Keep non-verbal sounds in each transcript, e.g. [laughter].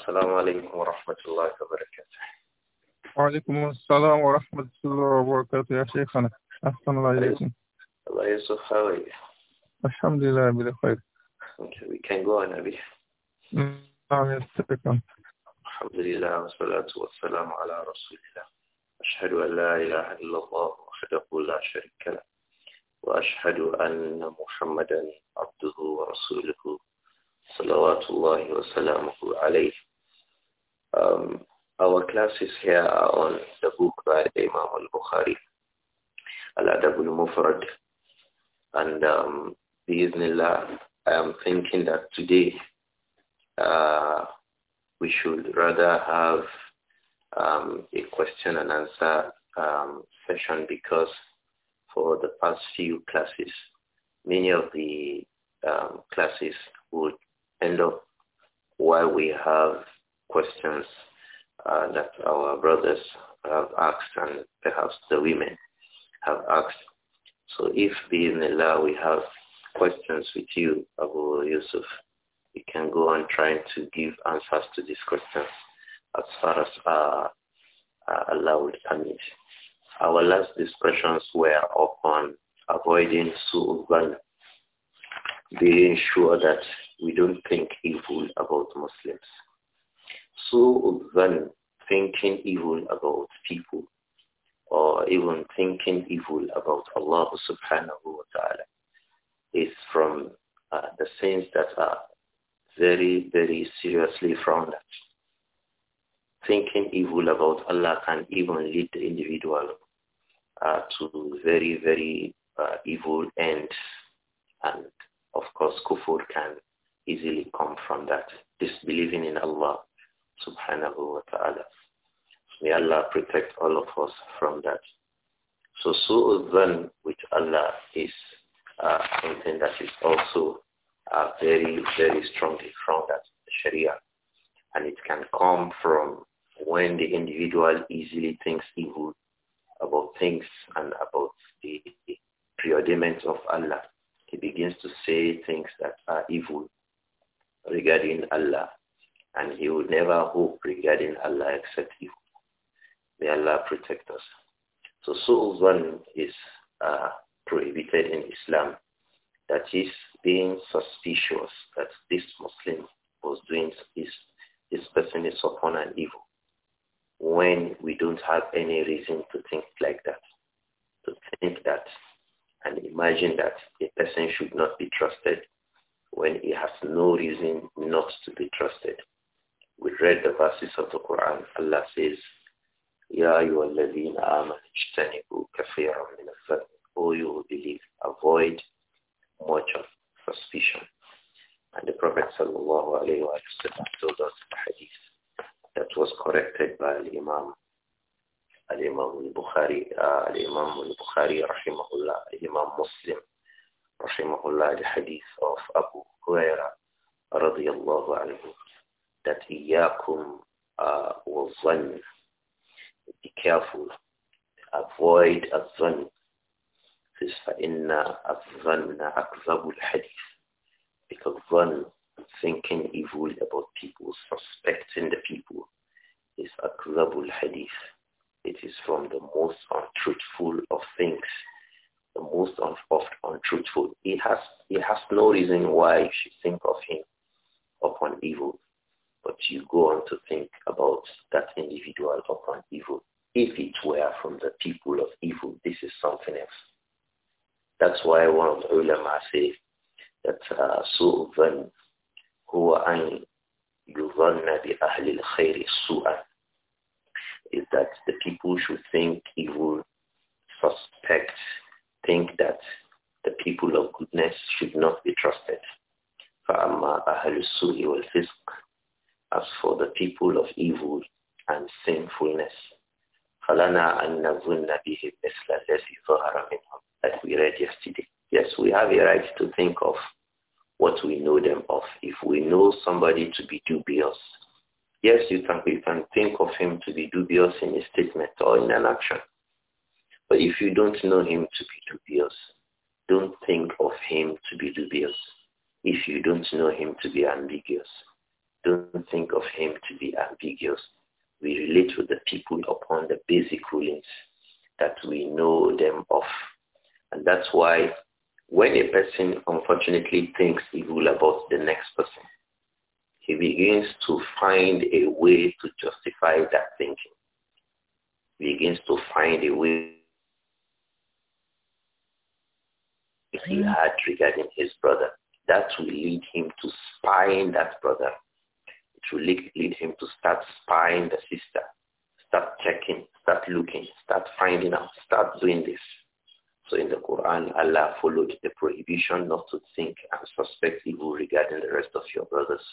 السلام عليكم ورحمة الله وبركاته وعليكم السلام ورحمة الله وبركاته يا شيخنا أحسن الله إليكم الله يوسف how الحمد لله بخير خير we can go on نعم يا الحمد لله والصلاة والسلام على رسول الله أشهد أن لا إله إلا الله وحده لا شريك له وأشهد أن محمدا عبده ورسوله صلوات الله وسلامه عليه Um, our classes here are on the book by Imam al-Bukhari, Al-Adab al-Mufrad. And um, Bismillah, I am thinking that today uh, we should rather have um, a question and answer um, session because for the past few classes, many of the um, classes would end up while we have questions uh, that our brothers have asked and perhaps the women have asked. So if Allah we have questions with you, Abu Yusuf, we can go on trying to give answers to these questions as far as uh, uh, Allah permit. Our last discussions were upon avoiding su'uban, being sure that we don't think evil about Muslims so then, thinking evil about people or even thinking evil about Allah subhanahu wa ta'ala is from uh, the sins that are very, very seriously frowned at. Thinking evil about Allah can even lead the individual uh, to very, very uh, evil ends. And of course, kufur can easily come from that. Disbelieving in Allah subhanahu wa ta'ala. May Allah protect all of us from that. So su'udhan with Allah is uh, something that is also uh, very, very strongly from that Sharia. And it can come from when the individual easily thinks evil about things and about the preordainment of Allah. He begins to say things that are evil regarding Allah and he would never hope regarding Allah except you. May Allah protect us. So one is uh, prohibited in Islam. That is being suspicious that this Muslim was doing this, this person is upon an evil when we don't have any reason to think like that, to think that and imagine that a person should not be trusted when he has no reason not to be trusted. We read the verses of the Quran. Allah says, Ya ayyuhalladhina amanu ijtanibu kathiran min al O you who believe, avoid much of suspicion. And the Prophet sallallahu alayhi wa sallam told us a hadith that was corrected by Imam Imam الإمام Bukhari, uh, الإمام البخاري رحمه الله Imam Muslim, rahimahullah, the hadith of Abu Huraira, رضي الله عنه that iyakum uh, والظن. Be careful. Avoid الظن. Says فإن الظن akzabul hadith. Because ظن, thinking evil about people, suspecting the people, is akzabul hadith. It is from the most untruthful of things. The most oft untruthful. He has, he has no reason why you should think of him upon evil but you go on to think about that individual upon evil. If it were from the people of evil, this is something else. That's why one of the ulama say that uh, su'van huwa an yuzanna bi ahli al-khayri su'an is that the people should think evil, suspect, think that the people of goodness should not be trusted. فَأَمَّا أَهْلُ السُّوءِ وَالْفِسْقِ as for the people of evil and sinfulness. فَلَنَا أَنْ نَظُنَّ بِهِمْ مِثْلَ الَّذِي ظَهَرَ مِنْهُمْ we read yesterday. Yes, we have a right to think of what we know them of. If we know somebody to be dubious, yes, you can, you can think of him to be dubious in a statement or in an action. But if you don't know him to be dubious, don't think of him to be dubious if you don't know him to be ambiguous don't think of him to be ambiguous. We relate with the people upon the basic rulings that we know them of. And that's why when a person unfortunately thinks evil about the next person, he begins to find a way to justify that thinking. He begins to find a way he had regarding his brother. That will lead him to spying that brother to lead, lead him to start spying the sister, start checking, start looking, start finding out, start doing this. So in the Quran, Allah followed the prohibition not to think and suspect evil regarding the rest of your brothers.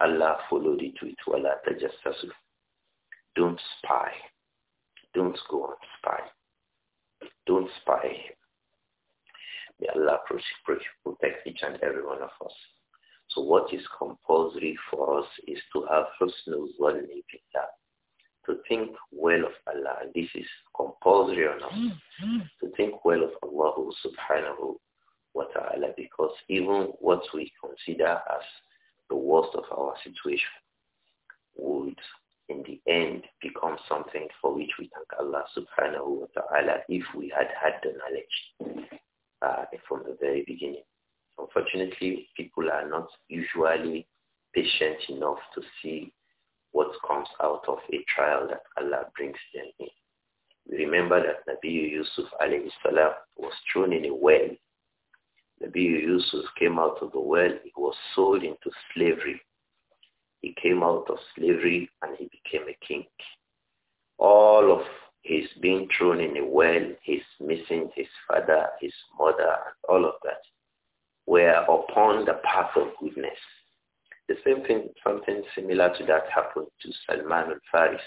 Allah followed it with wala tajassasu. Don't spy. Don't go and spy. Don't spy. May Allah protect each and every one of us. So what is compulsory for us is to have husnul zanni billah, to think well of Allah. And this is compulsory on us, mm -hmm. to think well of Allah subhanahu wa ta'ala, because even what we consider as the worst of our situation would in the end become something for which we thank Allah subhanahu wa ta'ala if we had had the knowledge uh, from the very beginning. Unfortunately, people are not usually patient enough to see what comes out of a trial that Allah brings them in. remember that Nabi Yusuf alayhi salam was thrown in a well. Nabi Yusuf came out of the well. He was sold into slavery. He came out of slavery and he became a king. All of his being thrown in a well, his missing his father, his mother, and all of that were upon the path of goodness. The same thing, something similar to that happened to Salman al-Farisi.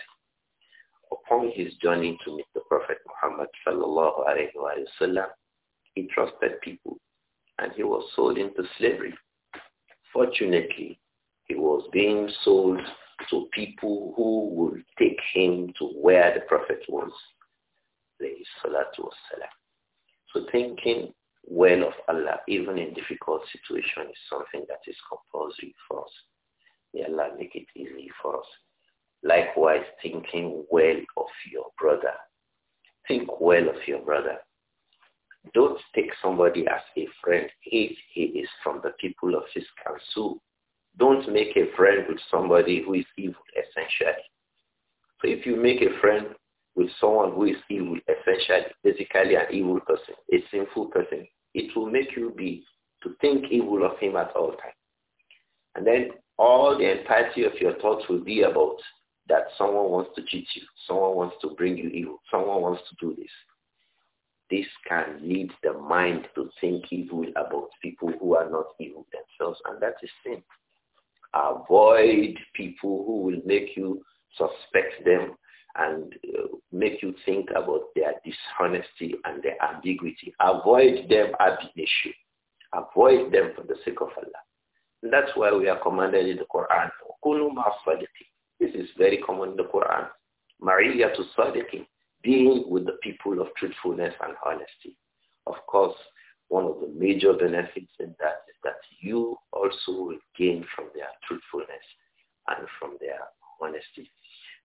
Upon his journey to meet the Prophet Muhammad sallallahu alayhi wa sallam, he trusted people and he was sold into slavery. Fortunately, he was being sold to people who would take him to where the Prophet was. So thinking well of Allah, even in difficult situation, is something that is compulsory for us. May Allah make it easy for us. Likewise, thinking well of your brother. Think well of your brother. Don't take somebody as a friend if he is from the people of his council. Don't make a friend with somebody who is evil essentially. So if you make a friend with someone who is evil essentially, basically an evil person, a sinful person, it will make you be to think evil of him at all times. And then all the entirety of your thoughts will be about that someone wants to cheat you, someone wants to bring you evil, someone wants to do this. This can lead the mind to think evil about people who are not evil themselves, and that is sin. Avoid people who will make you suspect them and uh, make you think about their dishonesty and their ambiguity. Avoid them at the initio. Avoid them for the sake of Allah. And that's why we are commanded in the Quran. This is very common in the Quran. Mariyatul Sadiqin, being with the people of truthfulness and honesty. Of course, one of the major benefits in that is that you also will gain from their truthfulness and from their honesty.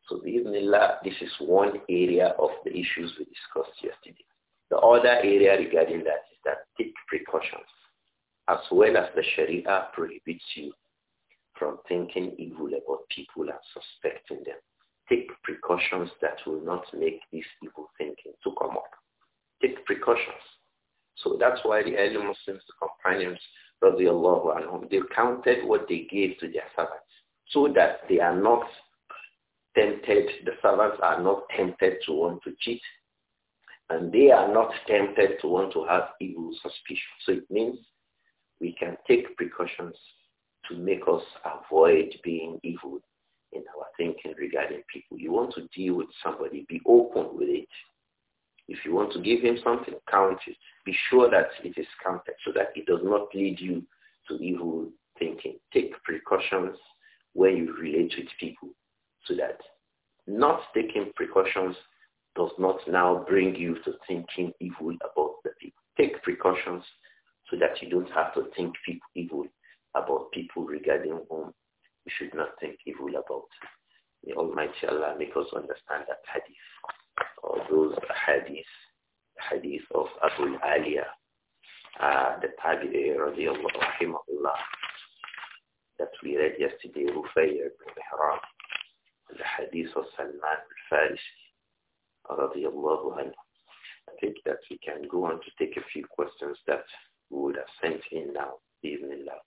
So this is one area of the issues we discussed yesterday. The other area regarding that is that take precautions as well as the Sharia prohibits you from thinking evil about people and suspecting them. Take precautions that will not make this evil thinking to come up. Take precautions. So that's why the early Muslims, the companions, radiallahu anhum, they counted what they gave to their servants so that they are not tempted, the servants are not tempted to want to cheat, and they are not tempted to want to have evil suspicion. So it means we can take precautions to make us avoid being evil in our thinking regarding people. You want to deal with somebody, be open with it. If you want to give him something, count it. Be sure that it is counted so that it does not lead you to evil thinking. Take precautions when you relate with people so that not taking precautions does not now bring you to thinking evil about the people. Take precautions so that you don't have to think evil about people regarding whom you should not think evil about. May Almighty Allah make us understand that hadith or those hadith, hadith of Abu Aliyah, uh, the Tabi'i radiallahu rahimahullah that we read yesterday, Rufayr ibn Mihram, the hadith of Salman al-Farisi, I think that we can go on to take a few questions that we would have sent in now, now.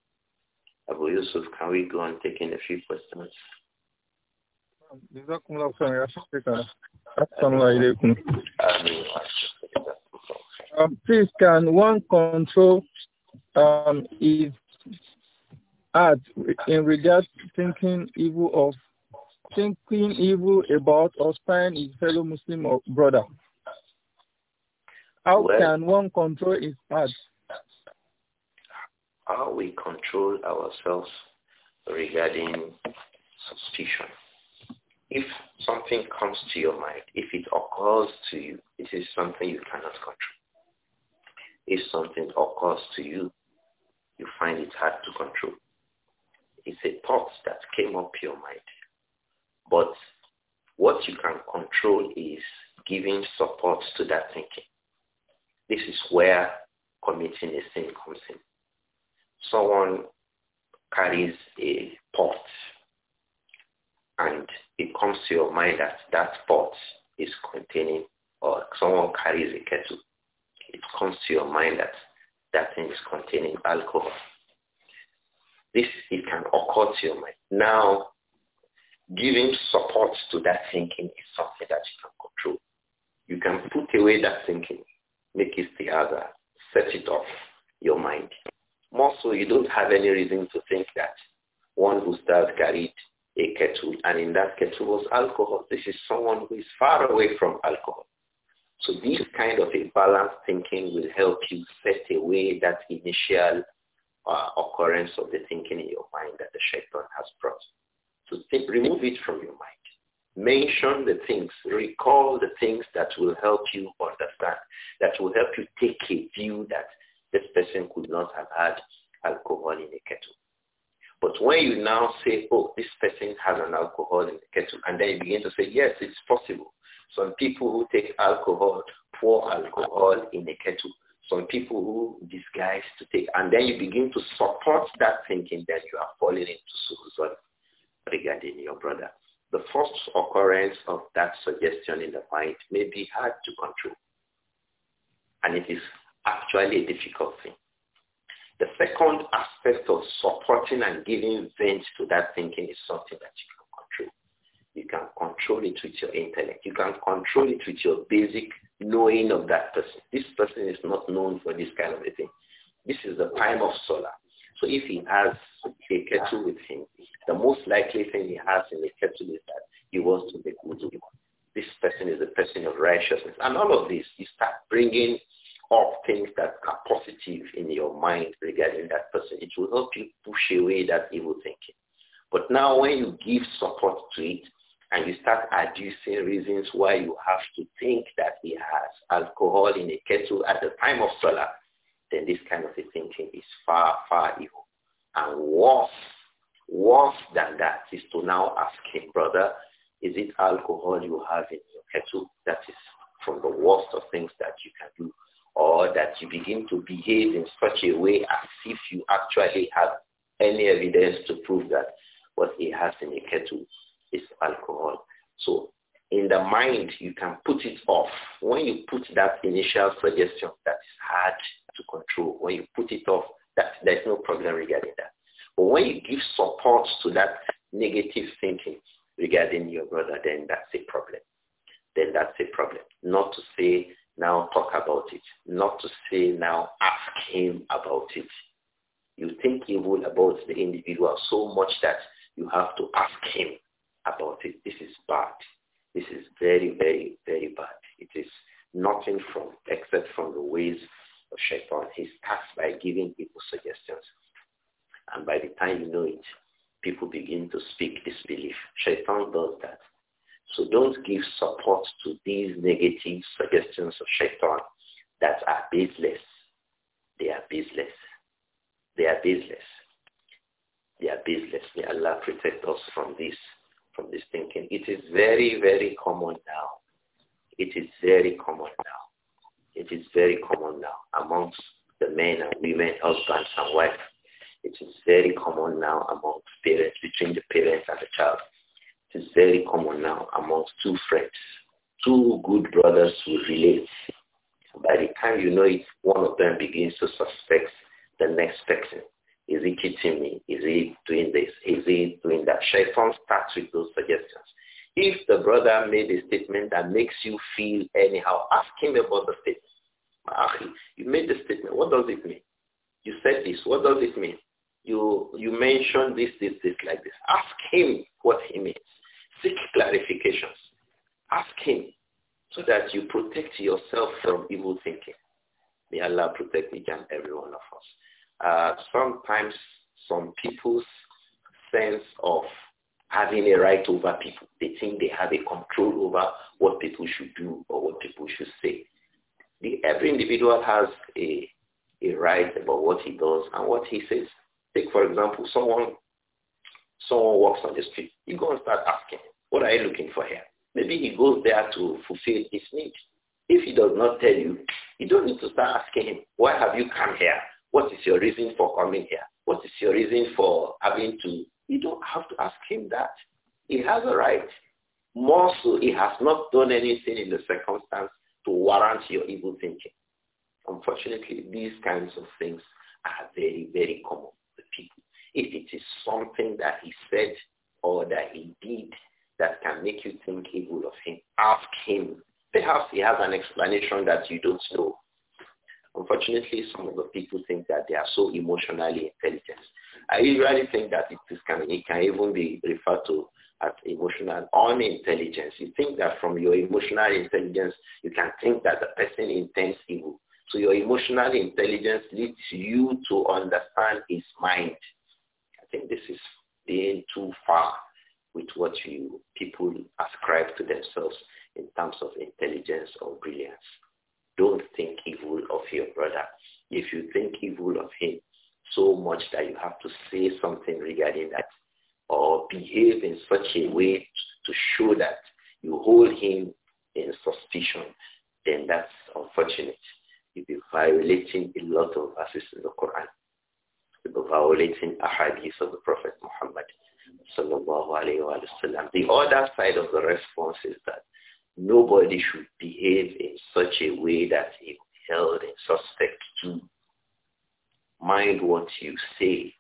Abu Yusuf, can we go on taking a few questions? um, Please can one control um, his heart in regard to thinking evil of thinking evil about or spying his fellow Muslim or brother? How well, can one control his heart? How we control ourselves regarding suspicion. If something comes to your mind, if it occurs to you, it is something you cannot control. If something occurs to you, you find it hard to control. It's a thought that came up your mind. But what you can control is giving support to that thinking. This is where committing a sin comes in. Someone carries a pot and it comes to your mind that that pot is containing or someone carries a kettle. It comes to your mind that that thing is containing alcohol. This, it can occur to your mind. Now, giving support to that thinking is something that you can control. You can put away that thinking, make it the other, set it off your mind. More so, you don't have any reason to think that one who starts carried a kettle, and in that kettle was alcohol. This is someone who is far away from alcohol. So this kind of a balanced thinking will help you set away that initial uh, occurrence of the thinking in your mind that the shaitan has brought. So remove it from your mind. Mention the things, recall the things that will help you understand, that will help you take a view that this person could not have had alcohol in a kettle. But when you now say, oh, this person has an alcohol in the kettle, and then you begin to say, yes, it's possible. Some people who take alcohol pour alcohol in a kettle. Some people who disguise to take, and then you begin to support that thinking that you are falling into suicide regarding your brother. The first occurrence of that suggestion in the mind may be hard to control. And it is actually a difficult thing. The second aspect of supporting and giving vent to that thinking is something that you can control. You can control it with your intellect. You can control it with your basic knowing of that person. This person is not known for this kind of a thing. This is the time of solar. So if he has a kettle with him, the most likely thing he has in the kettle is that he wants to make wudu. This person is a person of righteousness. And all of this, you start bringing up things that are positive in your mind regarding that person. It will help you push away that evil thinking. But now when you give support to it and you start adducing reasons why you have to think that he has alcohol in a kettle at the time of Salah, then this kind of a thinking is far, far evil. And worse, worse than that is to now ask him, brother, is it alcohol you have in your kettle that is from the worst of things that you can do? Or that you begin to behave in such a way as if you actually have any evidence to prove that what he has in your kettle is alcohol. So in the mind, you can put it off. When you put that initial suggestion that is hard to control. When you put it off, that there's no problem regarding that. But when you give support to that negative thinking regarding your brother, then that's a problem. Then that's a problem. Not to say now talk about it. Not to say now ask him about it. You think evil about the individual so much that you have to ask him about it. This is bad. This is very, very, very bad. It is nothing from except from the ways of shaitan. He starts by giving people suggestions. And by the time you know it, people begin to speak disbelief. Shaitan does that. So don't give support to these negative suggestions of shaitan that are baseless. They are baseless. They are baseless. They are baseless. May Allah protect us from this, from this thinking. It is very, very common now. It is very common now it is very common now amongst the men and women, husbands and wives. It is very common now amongst parents, between the parents and the child. It is very common now amongst two friends. Two good brothers who relate. By the time you know it, one of them begins to suspect the next person. Is he cheating me? Is he doing this? Is he doing that? Shaitan starts with those suggestions. If the brother made a statement that makes you feel anyhow, ask him about the statement. You made the statement. What does it mean? You said this. What does it mean? You you mentioned this, this, this, like this. Ask him what he means. Seek clarifications. Ask him so that you protect yourself from evil thinking. May Allah protect each and every one of us. Uh, sometimes some people's sense of having a right over people. They think they have a control over what people should do or what people should say. The, every individual has a, a right about what he does and what he says. Take, for example, someone, someone walks on the street. You go and start asking, what are you looking for here? Maybe he goes there to fulfill his need. If he does not tell you, you don't need to start asking him, why have you come here? What is your reason for coming here? What is your reason for having to you don't have to ask him that. He has a right. More so, he has not done anything in the circumstance to warrant your evil thinking. Unfortunately, these kinds of things are very, very common with people. If it is something that he said or that he did that can make you think evil of him, ask him. Perhaps he has an explanation that you don't know. Unfortunately, some of the people think that they are so emotionally intelligent. I usually think that it, is, can, it can even be referred to as emotional unintelligence. You think that from your emotional intelligence, you can think that the person intends evil. So your emotional intelligence leads you to understand his mind. I think this is being too far with what you people ascribe to themselves in terms of intelligence or brilliance. Don't think evil of your brother. If you think evil of him so much that you have to say something regarding that or behave in such a way to show that you hold him in suspicion, then that's unfortunate. You'll be violating a lot of verses in the Quran. You'll be violating hadith of the Prophet Muhammad. Sallallahu alayhi The other side of the response is that nobody should behave in such a way that it be held in suspect To Mind what you say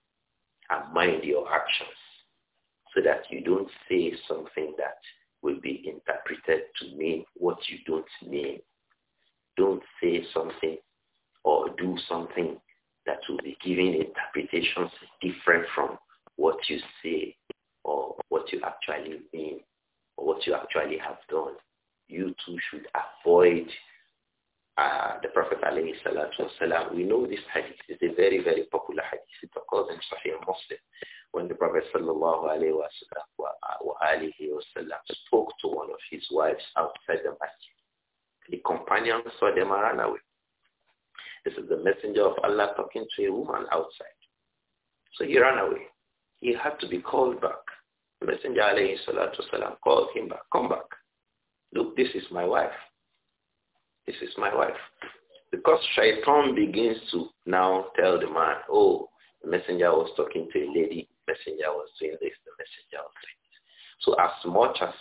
and mind your actions so that you don't say something that will be interpreted to mean what you don't mean. Don't say something or do something that will be given interpretations Allah talking to a woman outside. So he ran away. He had to be called back. The Messenger alayhi salatu salam called him back. Come back. Look, this is my wife. This is my wife. Because shaitan begins to now tell the man, oh, the messenger was talking to a lady, the messenger was doing this, the messenger was doing this. So as much as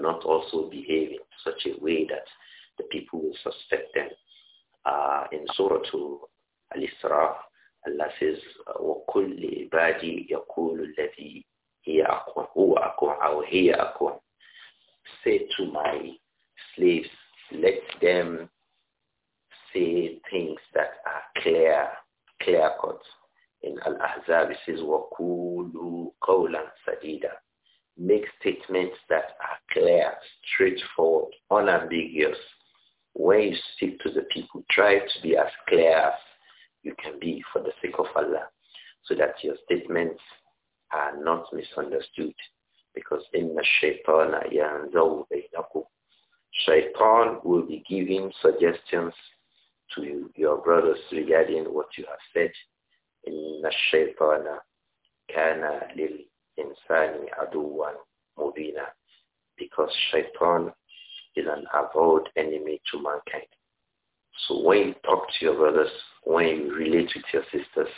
not also behave in such a way that the people will suspect them. Uh, in Surah Al-Isra, Allah says, وَكُلِّ عِبَادِي يَقُولُ الَّذِي هِيَ أَقْوَمْ هُوَ أَقْوَمْ أَوْ هِيَ أَقْوَمْ Say to my slaves, let them say things that are clear, clear cut. In Al-Ahzab it says, وَقُولُوا قَوْلًا سَدِيدًا make statements that are clear, straightforward, unambiguous. When you speak to the people, try to be as clear as you can be for the sake of Allah so that your statements are not misunderstood because in the shaitan bainakum. Shaitan will be giving suggestions to your brothers regarding what you have said. In the shaitan kana lil insani aduwan mubina because shaitan is an avowed enemy to mankind. So when you talk to your brothers, when you relate with your sisters,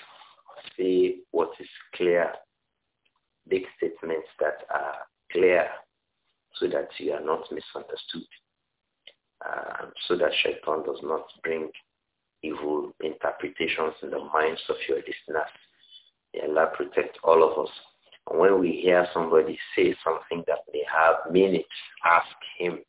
say what is clear, big statements that are clear so that you are not misunderstood, uh, so that shaitan does not bring evil interpretations in the minds of your listeners. May Allah protect all of us when we hear somebody say something that they have meaning, ask him.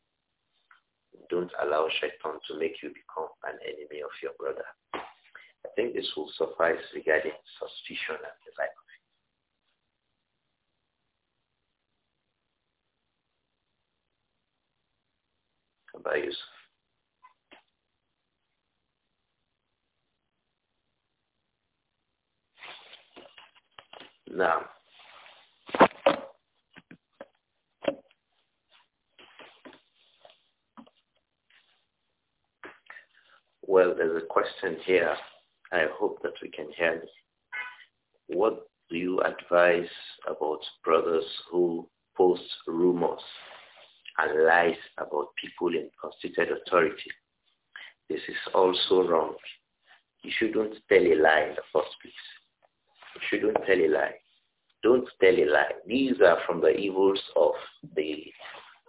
Don't allow shaitan to make you become an enemy of your brother. I think this will suffice regarding suspicion and the like of it. Yusuf? Now, Well, there's a question here. I hope that we can hear it. What do you advise about brothers who post rumors and lies about people in constituted authority? This is also wrong. You shouldn't tell a lie in the first place. You shouldn't tell a lie. Don't tell a lie. These are from the evils of the,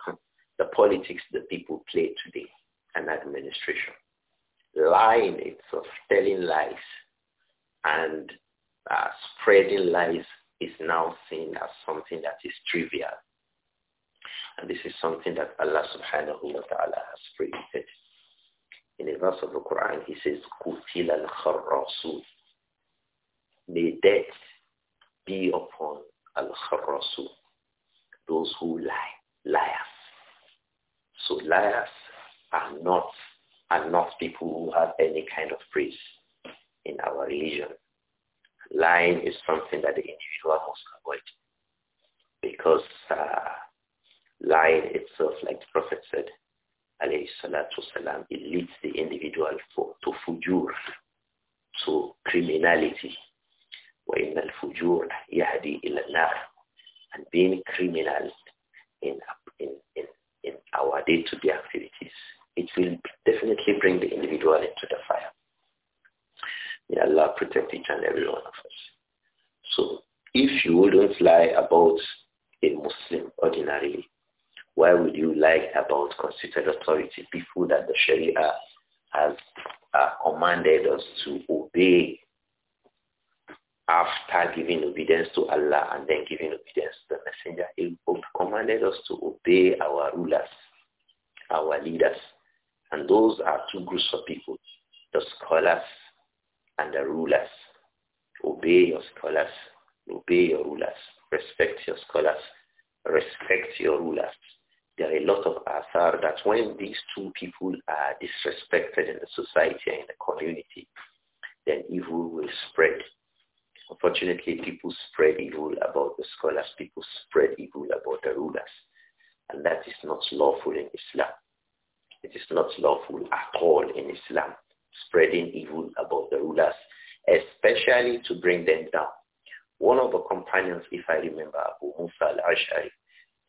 [laughs] the politics that people play today and administration lying itself, telling lies, and uh, spreading lies is now seen as something that is trivial. And this is something that Allah subhanahu wa ta'ala has created. In a verse of the Quran, he says, Kutil al-Kharrasun. May death be upon al-Kharrasun, those who lie, liars. So liars are not and not people who have any kind of priest in our religion. Lying is something that the individual must avoid because uh, lying itself, like the Prophet said, alayhi salam, it leads the individual for, to fujur, to criminality. يَهْدِي And being criminal in, in, in, in our day to -day activities it will definitely bring the individual into the fire. May Allah protect each and every one of us. So if you wouldn't lie about a Muslim ordinarily, why would you lie about constituted authority, people that the Sharia has uh, commanded us to obey after giving obedience to Allah and then giving obedience to the messenger. He commanded us to obey our rulers, our leaders. And those are two groups of people, the scholars and the rulers. Obey your scholars. Obey your rulers. Respect your scholars. Respect your rulers. There are a lot of athar that when these two people are disrespected in the society and in the community, then evil will spread. Unfortunately, people spread evil about the scholars. People spread evil about the rulers. And that is not lawful in Islam. It is not lawful at all in Islam, spreading evil about the rulers, especially to bring them down. One of the companions, if I remember, Abu Musa al-Ash'ari,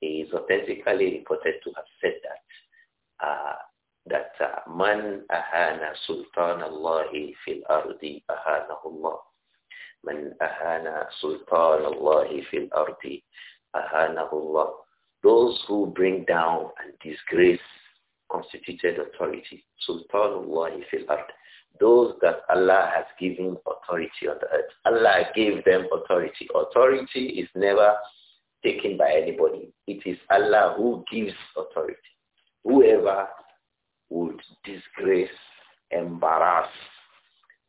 is authentically reported to have said that uh, that uh, man ahana sultan Allah fil ardi ahanahu Allah. Man ahana sultan Allah fil ardi ahanahu Allah. Those who bring down and disgrace constituted authority. one, fil ard. Those that Allah has given authority on the earth. Allah gave them authority. Authority is never taken by anybody. It is Allah who gives authority. Whoever would disgrace, embarrass,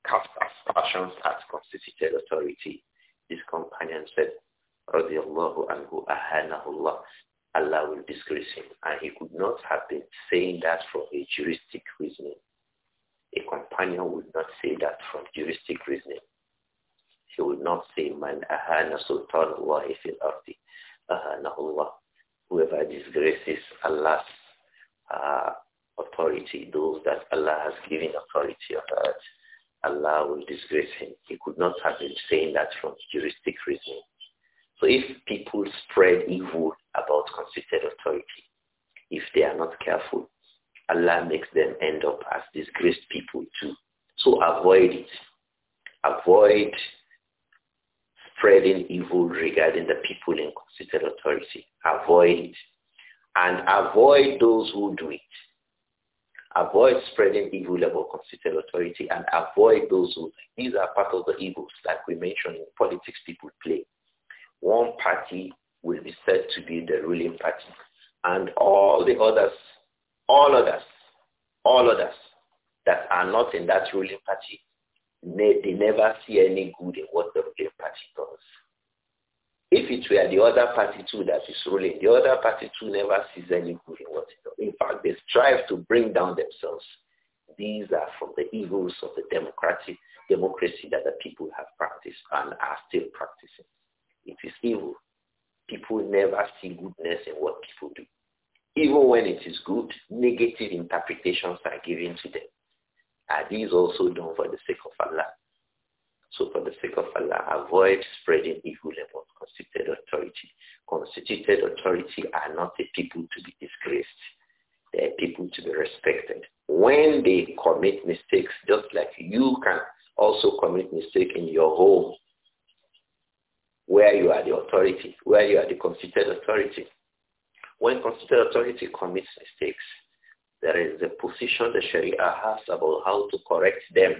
cast aspersions at constituted authority, his companion said, رضي الله عنه أهانه الله. Allah will disgrace him. And he could not have been saying that from a juristic reasoning. A companion would not say that from juristic reasoning. He would not say, Man ahana sultan Allahi fil ardi. Ahana Allah. Whoever disgraces Allah's uh, authority, those that Allah has given authority on earth, Allah will disgrace him. He could not have been saying that from juristic reasoning. So if people spread evil about constituted authority if they are not careful. Allah makes them end up as disgraced people too. So avoid it. Avoid spreading evil regarding the people in constituted authority. Avoid it. And avoid those who do it. Avoid spreading evil about constituted authority and avoid those who These are part of the evils that we mentioned in politics people play. One party will be said to be the ruling party. And all the others, all others, all others that are not in that ruling party, they, never see any good in what the ruling party does. If it were the other party too that is ruling, the other party too never sees any good in what it does. In fact, they strive to bring down themselves. These are from the evils of the democratic democracy that the people have practiced and are still practicing. It is evil. People never see goodness in what people do. Even when it is good, negative interpretations are given to them. Are these also done for the sake of Allah? So for the sake of Allah, avoid spreading evil about constituted authority. Constituted authority are not a people to be disgraced. They are people to be respected. When they commit mistakes, just like you can also commit mistake in your home, where you are the authority, where you are the constituted authority. When constituted authority commits mistakes, there is a position the Sharia has about how to correct them,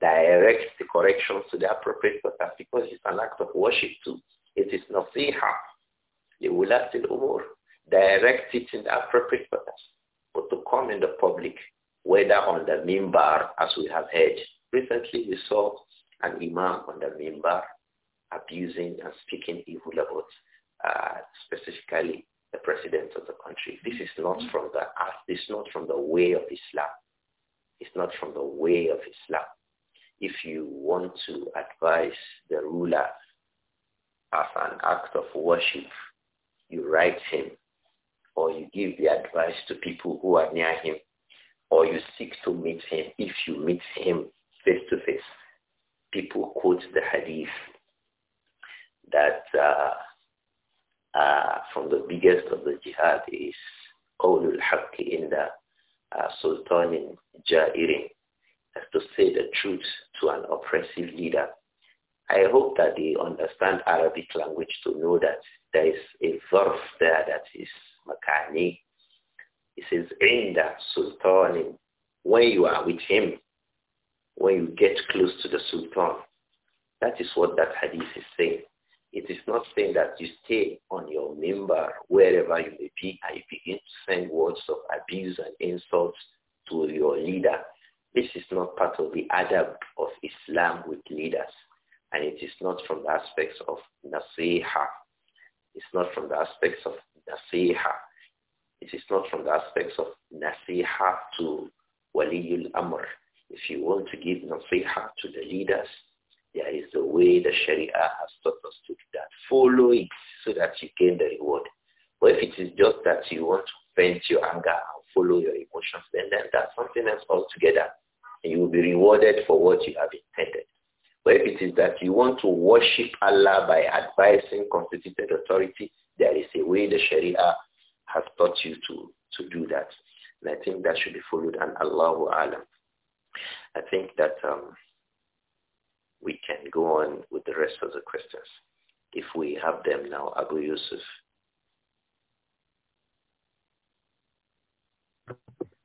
direct the corrections to the appropriate person because it's an act of worship too. It is nasiha. لولاة umur. direct it in the appropriate purpose, but to come in the public, whether on the mimbar, as we have heard. Recently, we saw an imam on the mimbar abusing and speaking evil about uh, specifically the president of the country. This is not mm-hmm. from the this is not from the way of Islam. It's not from the way of Islam. If you want to advise the ruler as an act of worship, you write him or you give the advice to people who are near him or you seek to meet him if you meet him face to face. People quote the hadith that uh, uh, from the biggest of the jihad is qawlul haqq in the uh, Sultan in jairin, as to say the truth to an oppressive leader. I hope that they understand Arabic language to know that there is a verb there that is makani. It says, Sultan in when you are with him, when you get close to the sultan. That is what that hadith is saying. It is not saying that you stay on your member wherever you may be and you begin to send words of abuse and insults to your leader. This is not part of the adab of Islam with leaders. And it is not from the aspects of nasiha. It's not from the aspects of nasiha. It is not from the aspects of nasiha to waliyul amr. If you want to give nasiha to the leaders, there is a way the Sharia has taught us to do that. Follow it so that you gain the reward. But if it is just that you want to vent your anger and follow your emotions, then, then that's something else altogether. And you will be rewarded for what you have intended. But if it is that you want to worship Allah by advising constituted authority, there is a way the Sharia has taught you to, to do that. And I think that should be followed and Allahu Alam. I think that um, we can go on with the rest of the questions if we have them now. Abu Yusuf.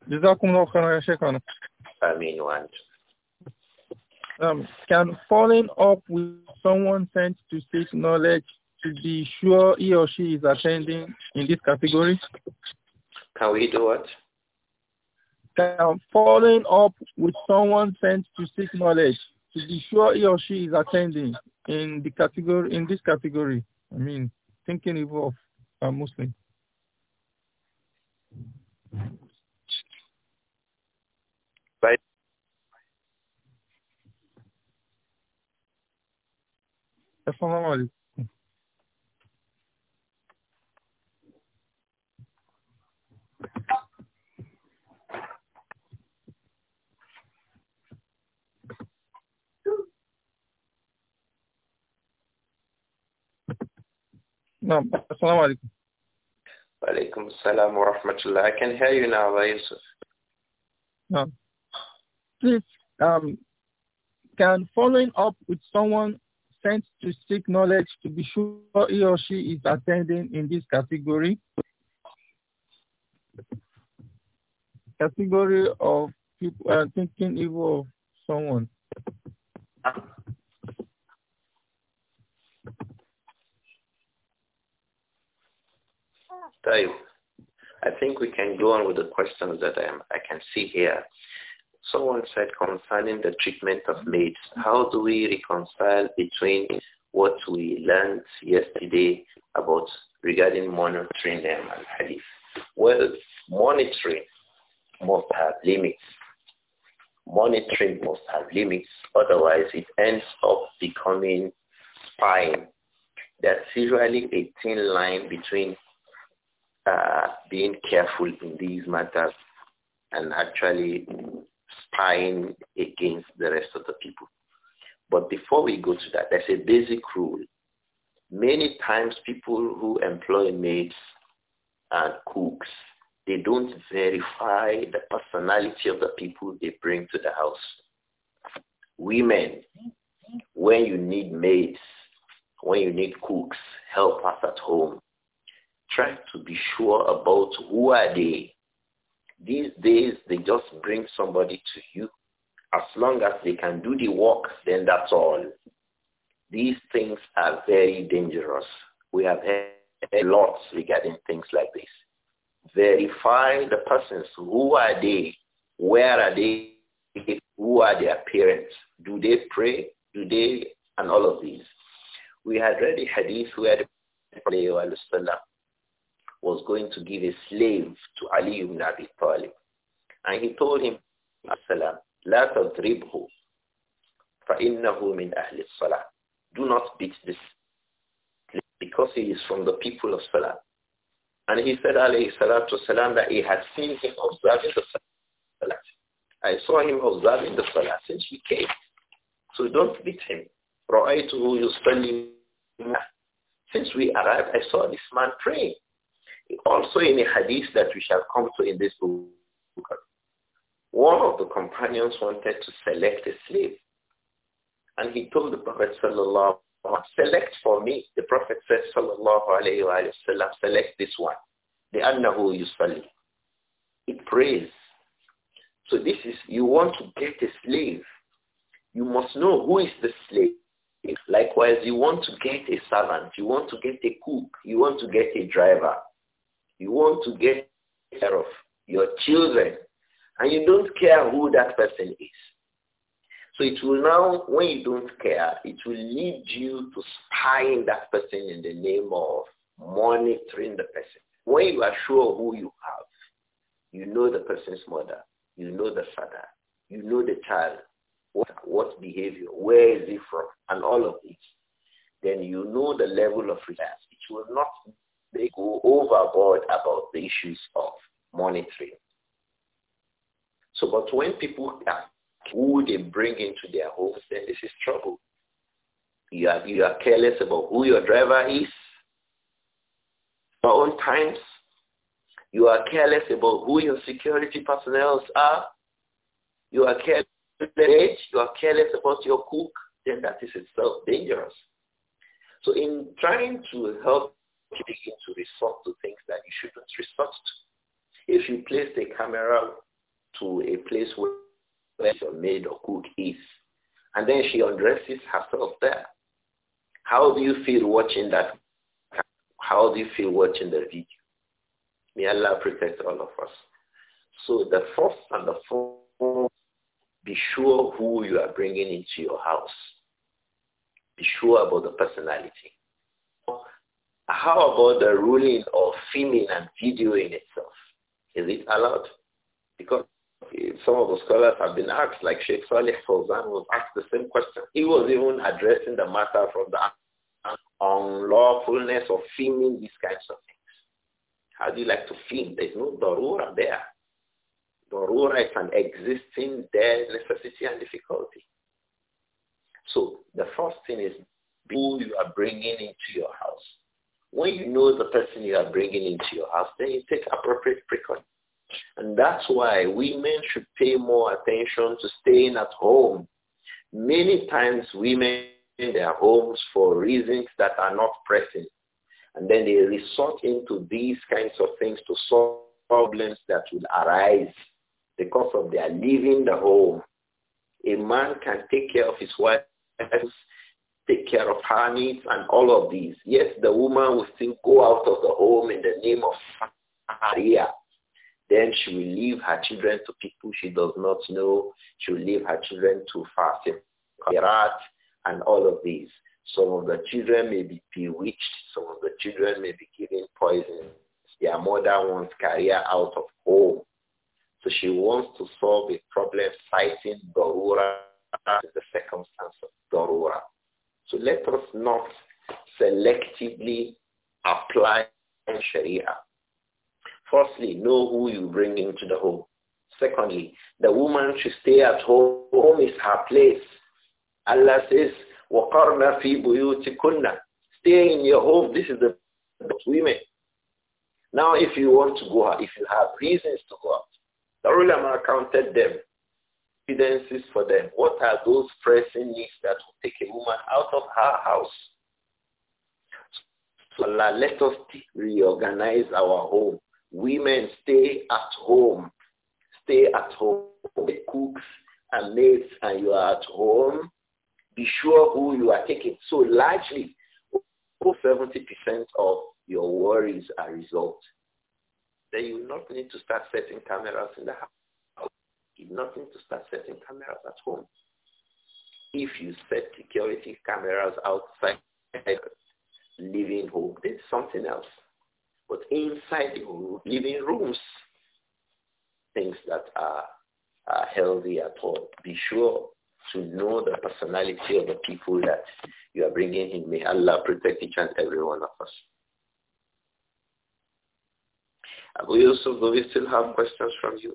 جزاكم الله خيرا يا Um, can following up with someone sent to seek knowledge to be sure he or she is attending in this category? Can we do what? Can following up with someone sent to seek knowledge to be sure he or she is attending in the category in this category. I mean, thinking of a Muslim. Right. Assalamu alaikum. No, assalamu alaikum. Walaikum assalam wa rahmatullah. I can hear you now, Yusuf. No. Please, um, can following up with someone sent to seek knowledge to be sure he or she is attending in this category? Category of people uh, thinking evil of someone. I think we can go on with the questions that I, am, I can see here. Someone said concerning the treatment of maids, how do we reconcile between what we learned yesterday about regarding monitoring them and hadith? Well, monitoring must have limits. Monitoring must have limits, otherwise it ends up becoming spying. There's usually a thin line between uh, being careful in these matters and actually spying against the rest of the people. But before we go to that, there's a basic rule. Many times people who employ maids and cooks, they don't verify the personality of the people they bring to the house. Women, when you need maids, when you need cooks, help us at home, try to be sure about who are they. These days, they just bring somebody to you. As long as they can do the work, then that's all. These things are very dangerous. We have heard lots regarding things like this. Verify the persons. Who are they? Where are they? Who are their parents? Do they pray? Do they? And all of these. We had read a hadith where the Prophet was going to give a slave to Ali ibn Abi Talib. And he told him, لا la tadribhu, fa'innahu min ahli Do not beat this because he is from the people of Salah. And he said, alayhi salatu salam, that he had seen him observing the Salah. I saw him observing the Salah since we came. So don't beat him. رَأَيْتُهُ يُصَلِّي since we arrived, I saw this man praying also in a hadith that we shall come to in this book, one of the companions wanted to select a slave. And he told the Prophet sallallahu select for me. The Prophet said sallallahu alayhi wa sallam, select this one. The annahu yusalli. He prays. So this is, you want to get a slave. You must know who is the slave. Likewise, you want to get a servant, you want to get a cook, you want to get a driver, you want to get care of your children and you don't care who that person is. So it will now, when you don't care, it will lead you to spying that person in the name of monitoring the person. When you are sure who you have, you know the person's mother, you know the father, you know the child, what, what behavior, where is he from, and all of this, then you know the level of reliance. It will not they go overboard about the issues of monitoring. So, but when people are who they bring into their homes, then this is trouble. You are, you are careless about who your driver is. Your own times, you are careless about who your security personnel are. You are careless age. You are careless about your cook. Then that is itself dangerous. So in trying to help begin to resort to things that you shouldn't resort to. If you place the camera to a place where your maid or cook is, and then she undresses herself there, how do you feel watching that? How do you feel watching the video? May Allah protect all of us. So the first and the foremost, be sure who you are bringing into your house. Be sure about the personality. How about the ruling of filming and videoing itself? Is it allowed? Because some of the scholars have been asked, like Sheikh Saleh Fawzan was asked the same question. He was even addressing the matter from the unlawfulness of filming these kinds of things. How do you like to film? There's no darura there. Darura is an existing there necessity and difficulty. So the first thing is who you are bringing into your house. When you know the person you are bringing into your house, then you take appropriate precautions. And that's why women should pay more attention to staying at home. Many times women in their homes for reasons that are not pressing. And then they resort into these kinds of things to solve problems that will arise because of their leaving the home. A man can take care of his wife take care of her needs and all of these. Yes, the woman will still go out of the home in the name of Maria. Then she will leave her children to people she does not know. She will leave her children to Fasirat and all of these. Some of the children may be bewitched. Some of the children may be given poison. Their mother wants career out of home. So she wants to solve a problem citing Dorura as the circumstance of Dorura. So let us not selectively apply Sharia. Firstly, know who you bring into the home. Secondly, the woman should stay at home. Home is her place. Allah says, وَقَرْنَ فِي بُيُوتِكُنَّ Stay in your home. This is the women. Now, if you want to go out, if you have reasons to go out, the ulama counted them evidences for them. What are those pressing needs that will take a woman out of her house? So Allah, let us reorganize our home. Women stay at home. Stay at home. The cooks and maids and you are at home. Be sure who you are taking. So largely, over 70% of your worries are resolved. Then you not need to start setting cameras in the house nothing to start setting cameras at home. If you set security cameras outside living room, there's something else. But inside the living rooms, things that are, are healthy at all. Be sure to know the personality of the people that you are bringing in. May Allah protect each and every one of us. Abu Yusuf, do we still have questions from you?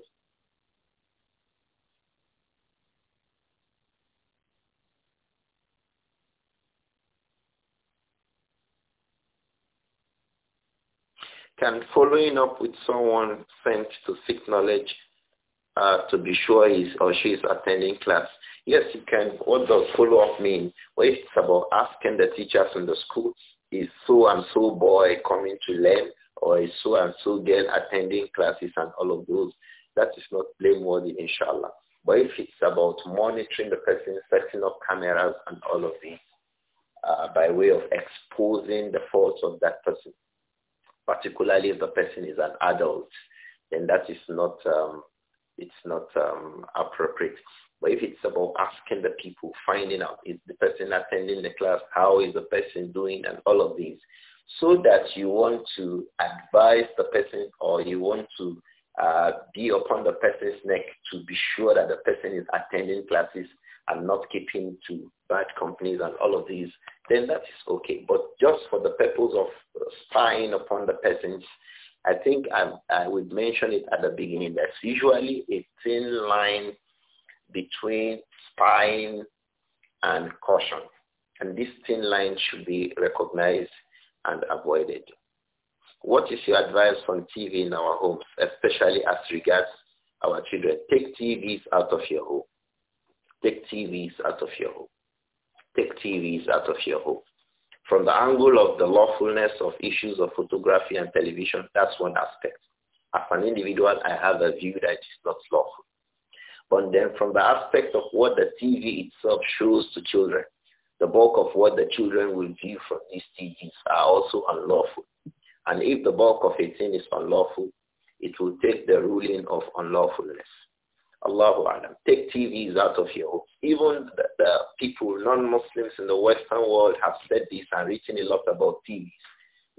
Can following up with someone sent to seek knowledge uh, to be sure he or she is attending class? Yes, you can. What does follow-up mean? Well, it's about asking the teachers in the school, is so and so boy coming to learn or is so and so girl attending classes and all of those? That is not blameworthy, inshallah. But if it's about monitoring the person, setting up cameras and all of these, uh, by way of exposing the faults of that person, particularly if the person is an adult, then that is not um, it's not um, appropriate. But if it's about asking the people, finding out is the person attending the class, how is the person doing, and all of these, so that you want to advise the person or you want to uh, be upon the person's neck to be sure that the person is attending classes and not keeping to bad companies and all of these then that is okay. But just for the purpose of spying upon the persons, I think I, I would mention it at the beginning. There's usually a thin line between spying and caution. And this thin line should be recognized and avoided. What is your advice on TV in our homes, especially as regards our children? Take TVs out of your home. Take TVs out of your home. Take TVs out of your home. From the angle of the lawfulness of issues of photography and television, that's one aspect. As an individual, I have a view that is not lawful. But then from the aspect of what the TV itself shows to children, the bulk of what the children will view from these TVs are also unlawful. And if the bulk of a thing is unlawful, it will take the ruling of unlawfulness. Allahu Alam. Take TVs out of your homes. Even the, the people, non-Muslims in the Western world have said this and written a lot about TVs,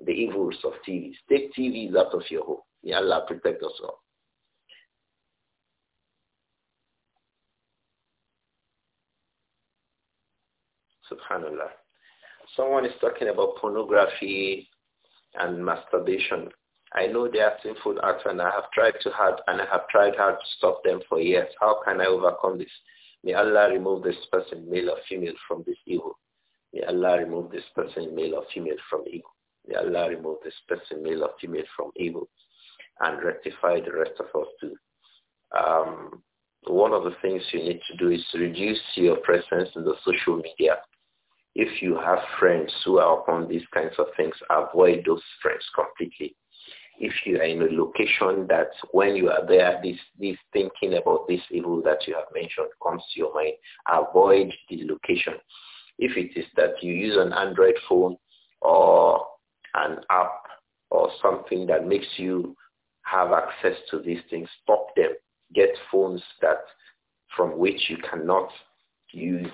the evils of TVs. Take TVs out of your home. May Allah protect us all. Subhanallah. Someone is talking about pornography and masturbation. I know they are sinful acts and I have tried to hard and I have tried hard to stop them for years. How can I overcome this? May Allah remove this person, male or female, from this evil. May Allah remove this person, male or female, from evil. May Allah remove this person, male or female, from evil and rectify the rest of us too. Um, one of the things you need to do is reduce your presence in the social media. If you have friends who are upon these kinds of things, avoid those friends completely if you are in a location that when you are there, this, this thinking about this evil that you have mentioned comes to your mind, avoid the location. If it is that you use an Android phone or an app or something that makes you have access to these things, stop them. Get phones that from which you cannot use,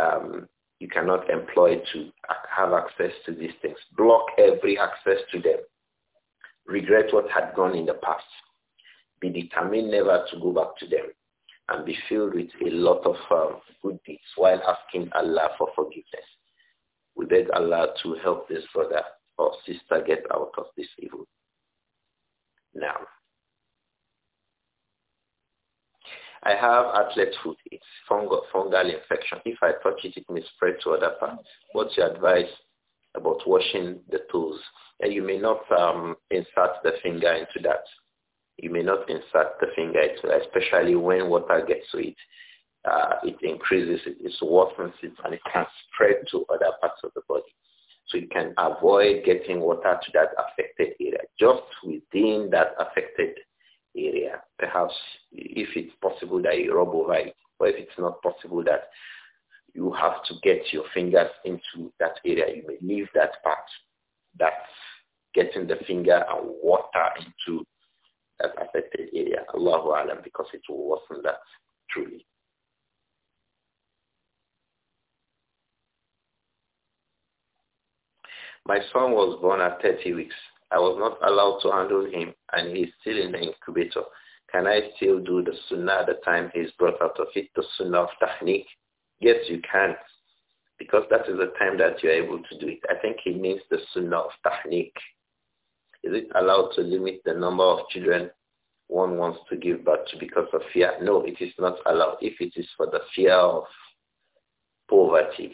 um, you cannot employ to have access to these things. Block every access to them regret what had gone in the past. Be determined never to go back to them and be filled with a lot of um, good deeds while asking Allah for forgiveness. We beg Allah to help this brother or sister get out of this evil. Now, I have athlete foot. It's fungal, fungal infection. If I touch it, it may spread to other parts. What's your advice about washing the toes and you may not um, insert the finger into that. You may not insert the finger into that, especially when water gets to it. Uh, it increases, it, it worsens it, and it can spread to other parts of the body. So you can avoid getting water to that affected area, just within that affected area. Perhaps if it's possible that you rub over it, or if it's not possible that you have to get your fingers into that area, you may leave that part. That's getting the finger and water into that affected area. Allahu Alam, because it will worsen that truly. My son was born at 30 weeks. I was not allowed to handle him and he's still in the incubator. Can I still do the sunnah at the time he is brought out of it, the sunnah of tahniq? Yes, you can, because that is the time that you are able to do it. I think he means the sunnah of tahniq, is it allowed to limit the number of children one wants to give birth to because of fear? No, it is not allowed if it is for the fear of poverty.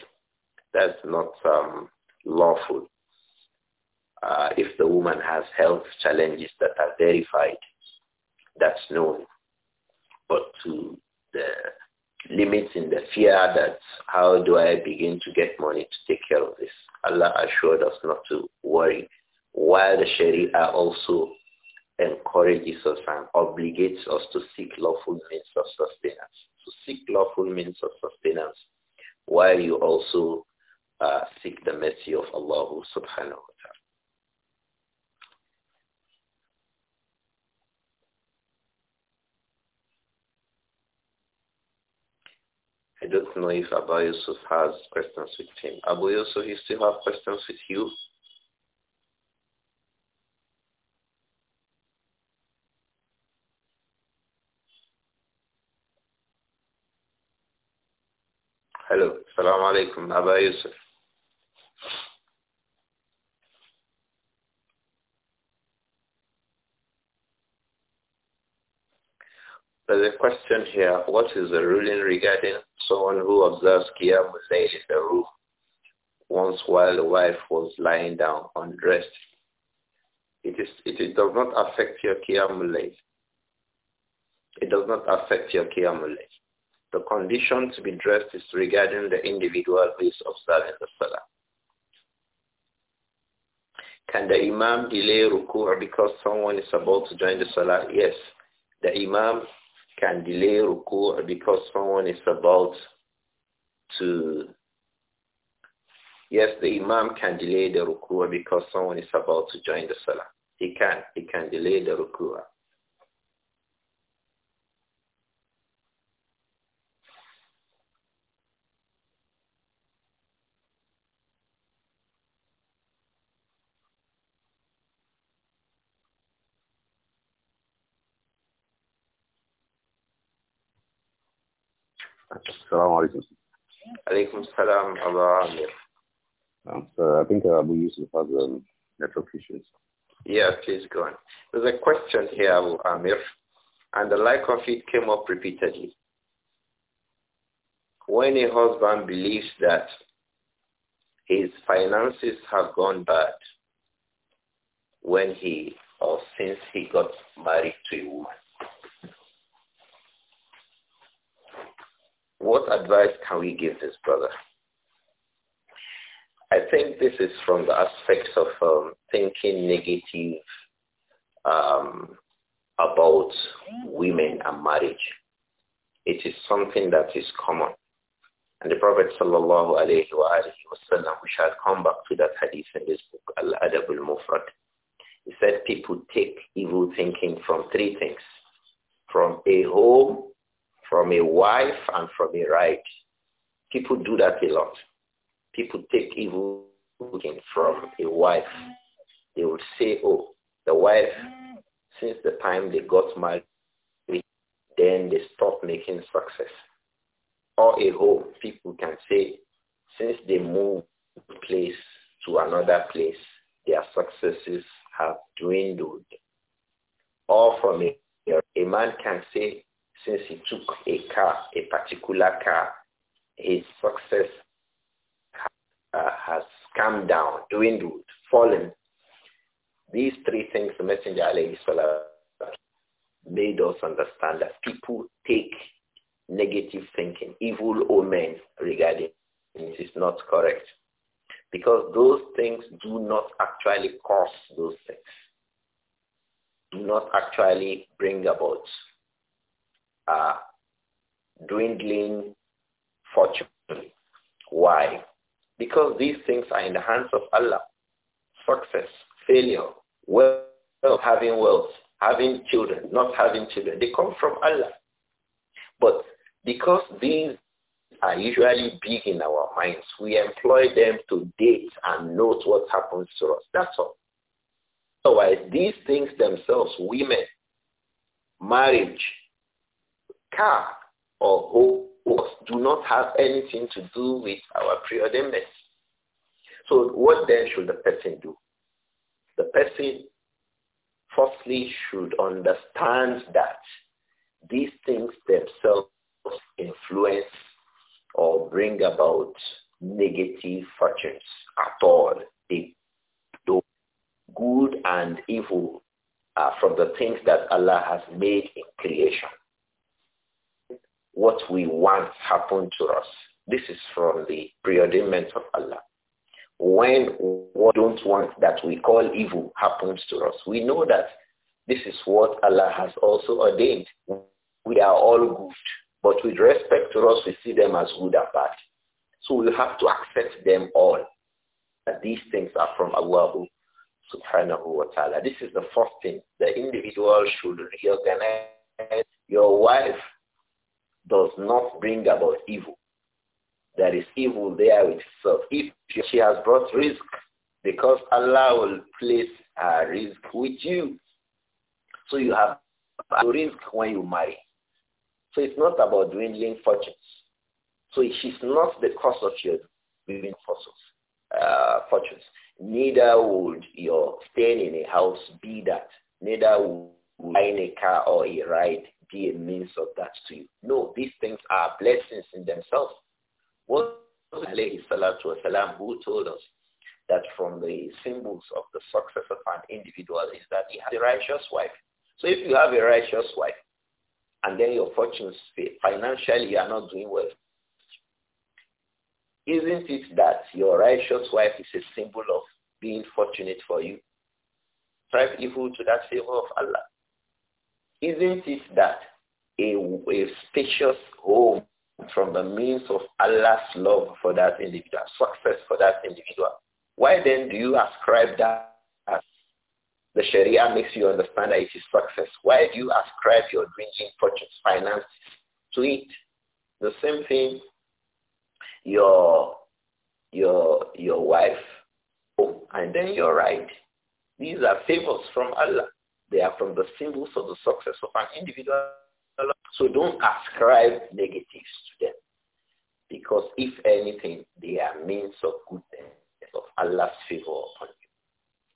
That's not um, lawful. Uh, if the woman has health challenges that are verified, that's known. But to the limits in the fear that how do I begin to get money to take care of this? Allah assured us not to worry while the Sharia also encourages us and obligates us to seek lawful means of sustenance. To so seek lawful means of sustenance while you also uh, seek the mercy of Allah subhanahu wa ta'ala. I don't know if Abu Yusuf has questions with him. Abu Yusuf, you still have questions with you? Hello. Assalamu alaikum. Aba Yusuf. There's a question here. What is the ruling regarding someone who observes Qiyamul Layl in the room once while the wife was lying down undressed? It, is, it, it does not affect your Qiyamul It does not affect your Qiyamul the condition to be addressed is regarding the individual who is observing the salah. Can the imam delay ruku' because someone is about to join the salah? Yes. The imam can delay ruku' because someone is about to Yes, the imam can delay the ruku'ah because someone is about to join the salah. He can. He can delay the ruku'ah. Assalamu alaikum. عليكم salam, um, so I think uh, Abu Yusuf has um, network issues. Yeah, please go on. There's a question here, Abu Amir, and the like of it came up repeatedly. When a husband believes that his finances have gone bad when he or since he got married to a woman, What advice can we give this brother? I think this is from the aspects of um, thinking negative um, about women and marriage. It is something that is common. And the Prophet sallallahu alayhi wa wasallam, we shall come back to that hadith in this book, Al-Adab al-Mufrad. He said people take evil thinking from three things. From a home from a wife and from a right. People do that a lot. People take evil looking from a wife. They would say, oh, the wife, since the time they got married, then they stopped making success. Or a home, people can say, since they moved place to another place, their successes have dwindled. Or from a, a man can say, since he took a car, a particular car, his success uh, has come down, dwindled, fallen. These three things the Messenger made us understand that people take negative thinking, evil omens regarding it is not correct. Because those things do not actually cause those things. Do not actually bring about are dwindling fortune. Why? Because these things are in the hands of Allah. Success, failure, wealth, having wealth, having children, not having children. They come from Allah. But because these are usually big in our minds, we employ them to date and note what happens to us. That's all. Otherwise, these things themselves, women, marriage, Car or hopes do not have anything to do with our preordainment. So what then should the person do? The person firstly should understand that these things themselves influence or bring about negative fortunes at all. They do good and evil are from the things that Allah has made in creation what we want happen to us. This is from the preordainment of Allah. When we don't want that we call evil happens to us, we know that this is what Allah has also ordained. We are all good, but with respect to us, we see them as good or bad. So we have to accept them all. That these things are from Allah subhanahu wa ta'ala. This is the first thing. The individual should reorganize your wife does not bring about evil. There is evil there with itself. If she has brought risk, because Allah will place a risk with you. So you have a risk when you marry. So it's not about dwindling fortunes. So she's not the cause of your dwindling uh, fortunes. Neither would your staying in a house be that. Neither would buying a car or a ride be a means of that to you. No, these things are blessings in themselves. What alayhi salatu wasalam, who told us that from the symbols of the success of an individual is that he has a righteous wife. So if you have a righteous wife and then your fortunes financially you are not doing well, isn't it that your righteous wife is a symbol of being fortunate for you? Strive evil to that favor of Allah. Isn't it that a, a spacious home from the means of Allah's love for that individual, success for that individual? Why then do you ascribe that as the Sharia makes you understand that it is success? Why do you ascribe your drinking fortunes, finances to it? The same thing, your, your, your wife, oh, and then you're right. These are favors from Allah. They are from the symbols of the success of an individual. So don't ascribe negatives to them. Because if anything, they are means of goodness, of Allah's favor upon you.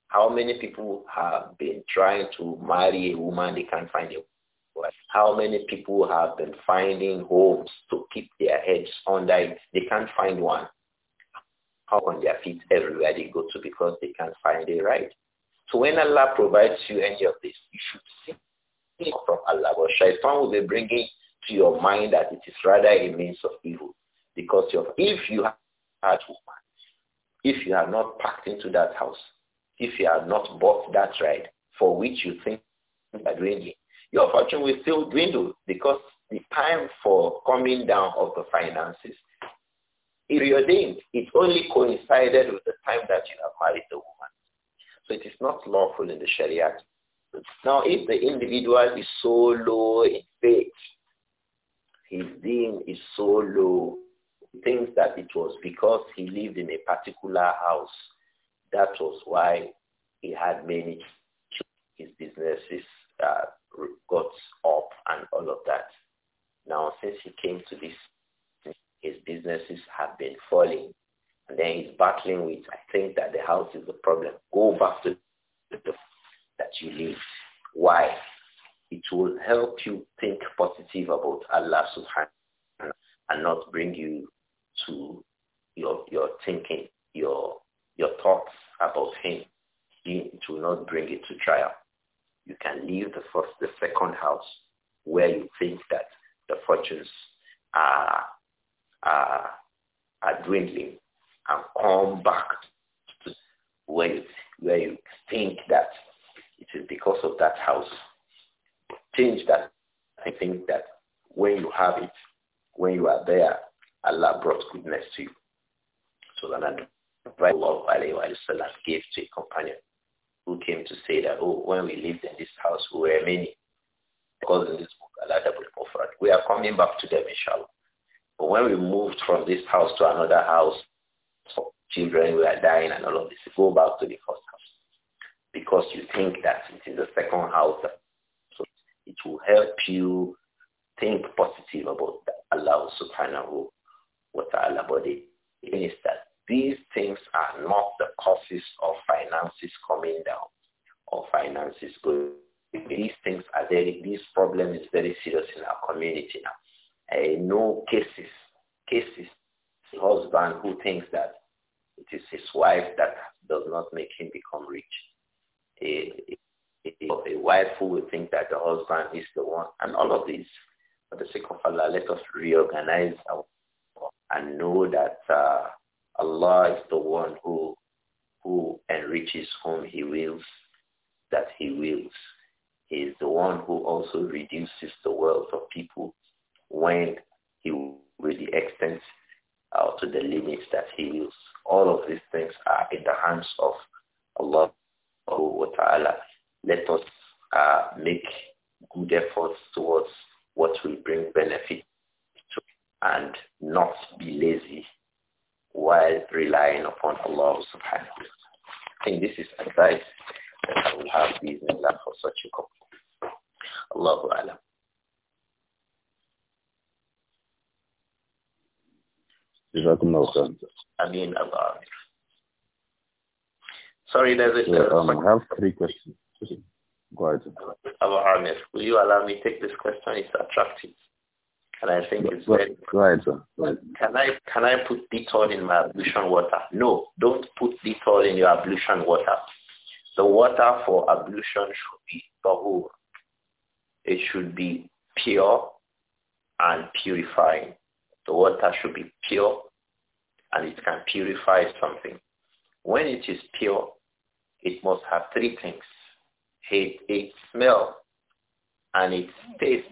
How many people have been trying to marry a woman they can't find a wife? How many people have been finding homes to keep their heads under They can't find one. How on their feet everywhere they go to because they can't find a right. So when Allah provides you any of this, you should seek from Allah. But shaitan will be bringing to your mind that it is rather a means of evil. Because if you had if you have not packed into that house, if you have not bought that ride for which you think you are doing your fortune will still dwindle because the time for coming down of the finances it ordained. It only coincided with the time that you have married the woman. So it is not lawful in the Sharia. Now, if the individual is so low in faith, his deen is so low, he thinks that it was because he lived in a particular house. That was why he had many his businesses uh, got up and all of that. Now, since he came to this, his businesses have been falling. And then he's battling with, I think that the house is the problem. Go back to the that you live. Why? It will help you think positive about Allah subhanahu and not bring you to your your thinking, your your thoughts about him. It will not bring it to trial. You can leave the first the second house where you think that the fortunes are are, are dwindling come back to where you, where you think that it is because of that house. Change that. I think that when you have it, when you are there, Allah brought goodness to you. So then Allah gave to a companion who came to say that, oh, when we lived in this house, we were many. Because in this book, Allah double offered. We are coming back to them, inshallah. But when we moved from this house to another house, children were dying and all of this. Go back to the first house because you think that it is the second house. So it will help you think positive about Allah subhanahu wa ta'ala. But the thing is that these things are not the causes of finances coming down or finances going. These things are very, this problem is very serious in our community now. I know cases, cases, husband who thinks that it is his wife that does not make him become rich. A, a, a, wife who will think that the husband is the one, and all of this. For the sake of Allah, let us reorganize our and know that uh, Allah is the one who who enriches whom He wills, that He wills. He is the one who also reduces the wealth of people when He really the extent to the limits that He wills. All of these things are in the hands of Allah wa ta'ala. Let us uh, make good efforts towards what will bring benefit to and not be lazy while relying upon Allah subhanahu wa ta'ala. I think this is advice that I will have business for such a couple. Allahu Alam. جزاكم الله خيرا Amin Allah. Sorry, there's a... Yeah, um, I have three questions. Go ahead. Abu Amir, will you allow me to take this question? It's attractive. And I think it's very... Go ahead, sir. Can, I, can I put detour in my ablution water? No, don't put detour in your ablution water. The water for ablution should be tahur. It should be pure and purifying. The water should be pure and it can purify something. When it is pure, it must have three things. It, its smell and its taste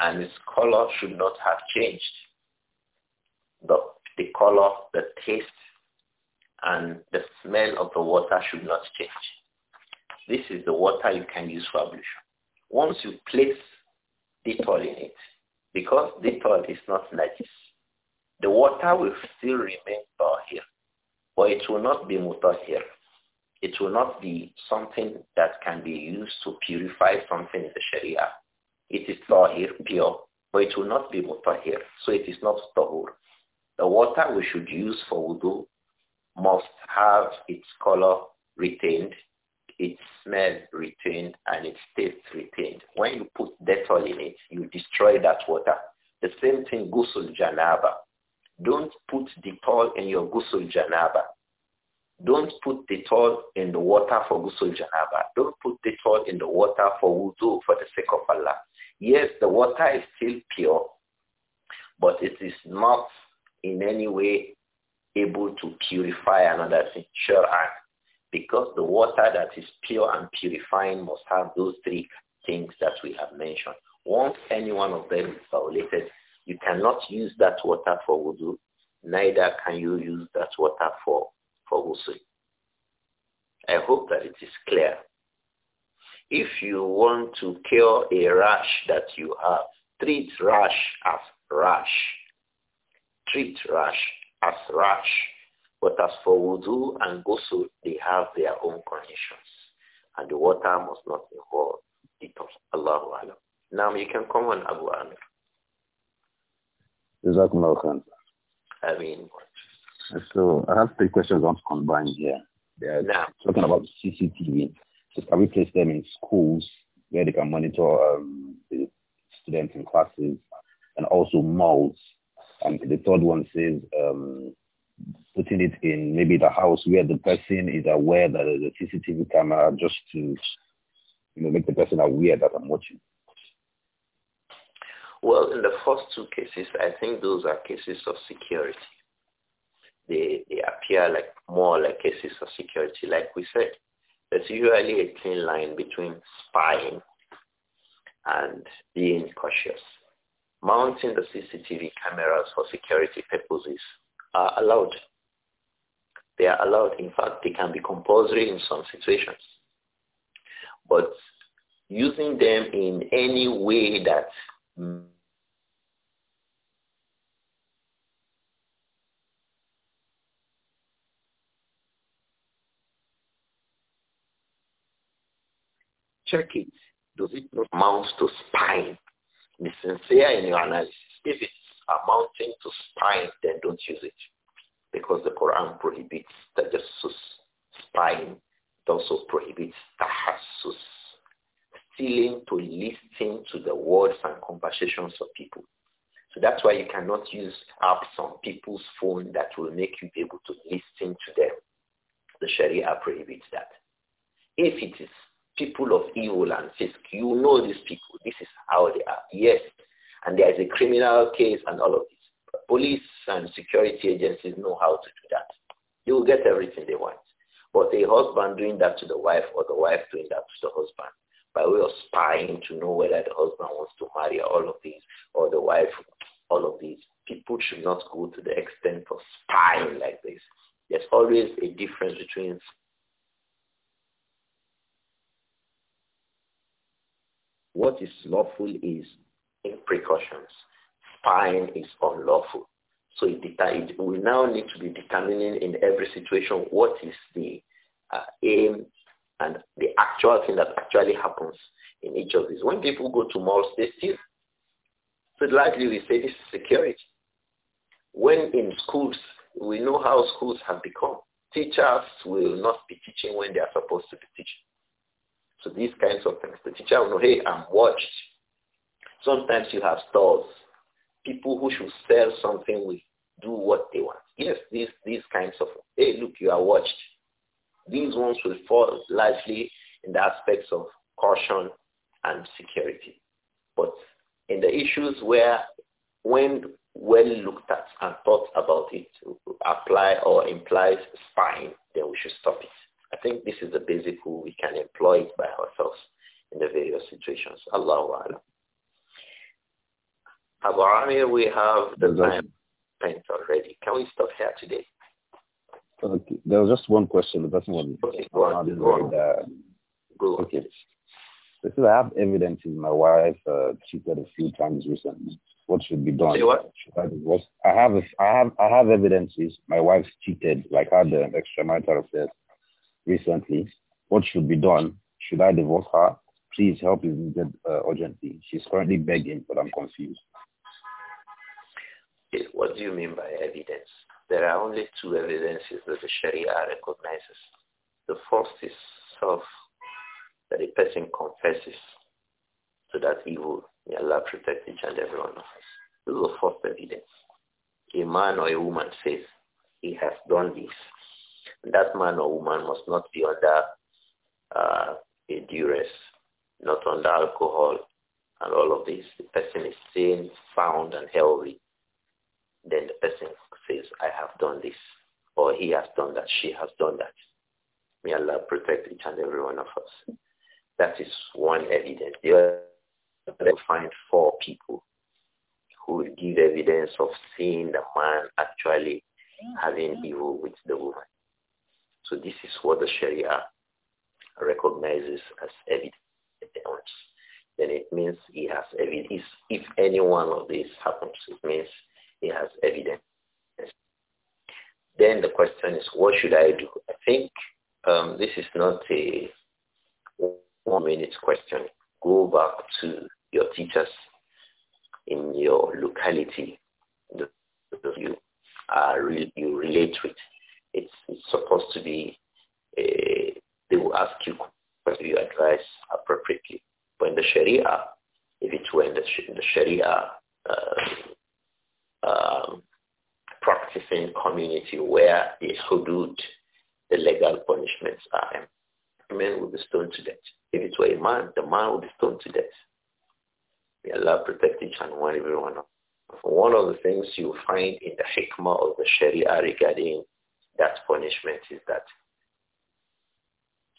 and its color should not have changed. The, the color, the taste, and the smell of the water should not change. This is the water you can use for ablution. Once you place Dettol in it, because the third is not najis. The water will still remain tahir, but it will not be mutahir. It will not be something that can be used to purify something in the Sharia. It is tahir, pure, but it will not be mutahir, so it is not tahur. The water we should use for wudu must have its color retained it smells retained and its taste retained. When you put Dettol in it, you destroy that water. The same thing Ghusl Janaba. Don't put Dettol in your Ghusl Janaba. Don't put Dettol in the water for Ghusl Janaba. Don't put Dettol in the water for wudu for the sake of Allah. Yes, the water is still pure, but it is not in any way able to purify another thing. Sure, because the water that is pure and purifying must have those three things that we have mentioned. Once any one of them is violated, you cannot use that water for wudu, neither can you use that water for, for wudu. I hope that it is clear. If you want to cure a rash that you have, treat rash as rash. Treat rash as rash but as for wudu and ghusl, they have their own conditions. And the water must not involve it. Allahu Now you can come on, Abu Amir. Jazakumullah khan. I mean. So I have three questions on combine here. They are now. talking about CCTV. So can we place them in schools where they can monitor um, the students in classes and also malls? And the third one says um, putting it in maybe the house where the person is aware that there's a CCTV camera just to you know make the person aware that I'm watching? Well, in the first two cases, I think those are cases of security. They, they appear like more like cases of security, like we said. There's usually a clean line between spying and being cautious. Mounting the CCTV cameras for security purposes are allowed. They are allowed. In fact, they can be compulsory in some situations. But using them in any way that check it. Does it not amount to spying? Be sincere in your analysis. If it's amounting to spying, then don't use it. Because the Quran prohibits tajassus, spying. It also prohibits tahassus, stealing to listen to the words and conversations of people. So that's why you cannot use apps on people's phone that will make you be able to listen to them. The Sharia prohibits that. If it is people of evil and fisk, you know these people. This is how they are. Yes, and there is a criminal case and all of this. But police and security agencies know how to do that. They will get everything they want. But a husband doing that to the wife or the wife doing that to the husband by way of spying to know whether the husband wants to marry all of these or the wife, all of these, people should not go to the extent of spying like this. There's always a difference between what is lawful is in precautions. Spying is unlawful. So it, it, we now need to be determining in every situation what is the uh, aim and the actual thing that actually happens in each of these. When people go to malls, they steal. So likely we say this is security. When in schools, we know how schools have become. Teachers will not be teaching when they are supposed to be teaching. So these kinds of things. The teacher will know, hey, I'm watched. Sometimes you have stores. People who should sell something will do what they want. Yes, these, these kinds of, hey, look, you are watched. These ones will fall largely in the aspects of caution and security. But in the issues where, when well looked at and thought about it, apply or implies spying, then we should stop it. I think this is the basic rule we can employ it by ourselves in the various situations. Allahu Abu we have the time spent already. Can we stop here today? Okay. There was just one question. That's one. Uh, okay, Okay. This is, I have evidences my wife uh, cheated a few times recently. What should be done? Say what? I, I have a, I have I have evidences my wife cheated, like had an extramarital affair recently. What should be done? Should I divorce her? Please help me uh, urgently. She's currently begging, but I'm confused. Eh, what do you mean by evidence? There are only two evidences that the Sharia recognizes. The first is self, that a person confesses to that evil. May Allah protect each and every one of us. This is the first evidence. A man or a woman says, he has done this. And that man or woman must not be under uh, a duress, not under alcohol, and all of this. The person is sane, sound, and healthy. Then the person says, I have done this, or he has done that, she has done that. May Allah protect each and every one of us. That is one evidence. The other, will find four people who will give evidence of seeing the man actually having evil with the woman. So this is what the Sharia recognizes as evidence. Then it means he has evidence. If any one of these happens, it means he has evidence. Then the question is, what should I do? I think um, this is not a one-minute question. Go back to your teachers in your locality that you, re you relate with. It's, it's supposed to be, a, they will ask you whether you advise appropriately. But in the Sharia, if it were in the, in the Sharia uh, um, practicing community where the hudud, the legal punishments are. Men will be stoned to death. If it were a man, the man would be stoned to death. May Allah protect each and one, every one of One of the things you find in the hikmah of the Sharia regarding that punishment is that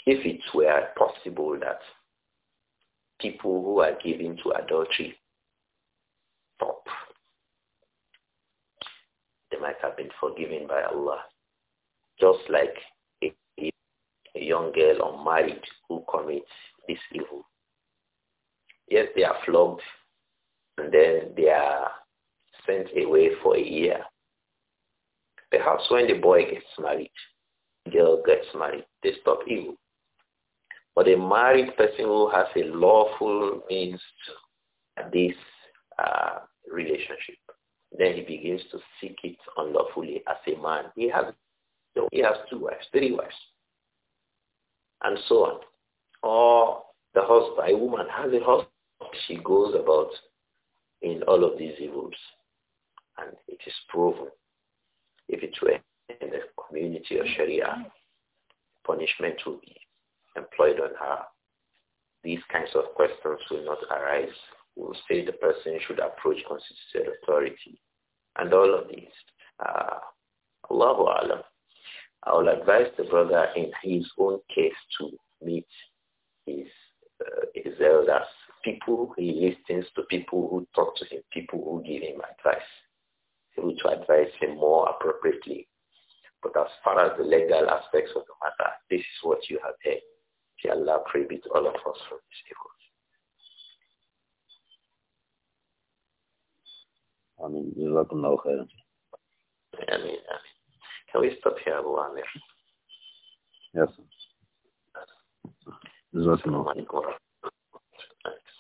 if it were possible that people who are given to adultery like I've been forgiven by Allah. Just like a, a young girl unmarried who commits this evil. Yes, they are flogged and then they are sent away for a year. Perhaps when the boy gets married, girl gets married, they stop evil. But a married person who has a lawful means to this uh, relationship, then he begins to seek it unlawfully as a man. He has, he has two wives, three wives, and so on. Or the husband, a woman has a husband. She goes about in all of these evils. And it is proven. If it were in the community of Sharia, punishment will be employed on her. These kinds of questions will not arise will say the person should approach constituted authority. And all of these, uh, Allahu Alam. I will advise the brother in his own case to meet his, uh, his elders, people he listens to, people who talk to him, people who give him advice. able to advise him more appropriately. But as far as the legal aspects of the matter, this is what you have heard. May Allah prohibit all of us from this evil. I mean, Jazakumullah khairan. I mean, I mean. Can we stop here, Abu Amir? Yes. Jazakumullah. Thanks.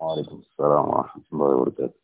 وعليكم السلام ورحمة الله وبركاته